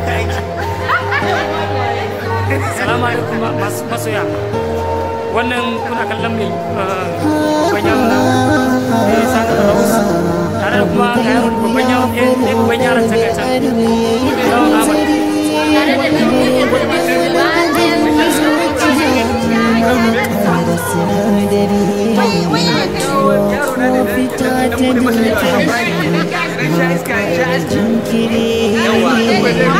haka aiki salamu alaikum masoya wannan kuna kallon mai ah, babban yaro na ne da raus tare da kuma kayan babban yaro ne eh, ne babban yaron ta yawon tare da Thank you.